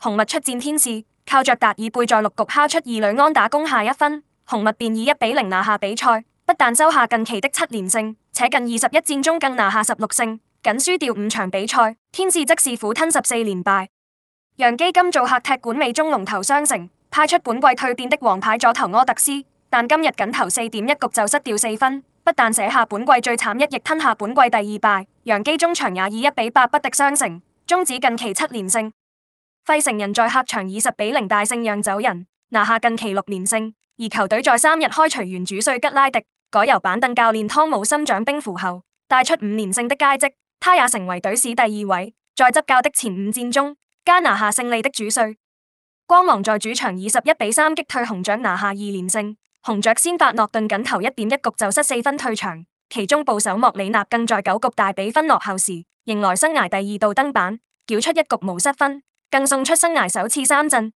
紅襪出戰天使，靠着達爾貝在六局敲出二壘安打，攻下一分，紅襪便以一比零拿下比賽。不但收下近期的七連勝，且近二十一戰中更拿下十六勝，僅輸掉五場比賽。天使則是苦吞十四連敗。洋基今做客踢館美中龍頭雙城，派出本季蛻變的王牌左投柯特斯，但今日僅投四點一局就失掉四分，不但寫下本季最慘一役，吞下本季第二敗。洋基中場也以一比八不敵雙城，終止近期七連勝。費城人在客場以十比零大勝讓走人，拿下近期六連勝。而球隊在三日開除原主帥吉拉迪，改由板凳教練湯姆森掌兵符後，帶出五連勝的佳績。他也成為隊史第二位在執教的前五戰中皆拿下勝利的主帥。光芒在主場以十一比三擊退紅雀，拿下二連勝。紅雀先發諾頓僅投一點一局就失四分退場，其中捕手莫里納更在九局大比分落後時迎來生涯第二度登板，繳出一局無失分，更送出生涯首次三振，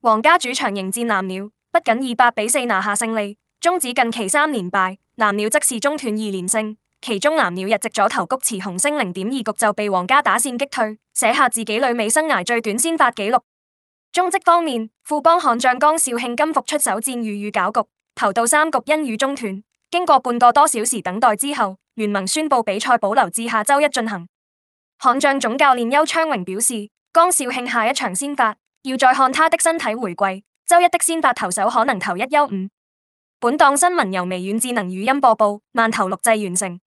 皇家主場迎戰藍鳥，不僅以八比四拿下勝利，終止近期三連敗；藍鳥則是中斷二連勝。其中藍鳥日直左投菊池雄星零點二局就被皇家打線擊退，寫下自己旅美生涯最短先發紀錄。中職方面，富邦悍將江少慶今復出手戰遇雨攪局，投到三局因雨中斷，經過半個多小時等待之後，聯盟宣布比賽保留至下周一進行。悍將總教練邱昌榮表示。江少慶下一場先發，要再看他的身體回歸。周一的先發投手可能投一休五。本檔新聞由微軟智能語音播報，慢投錄製完成。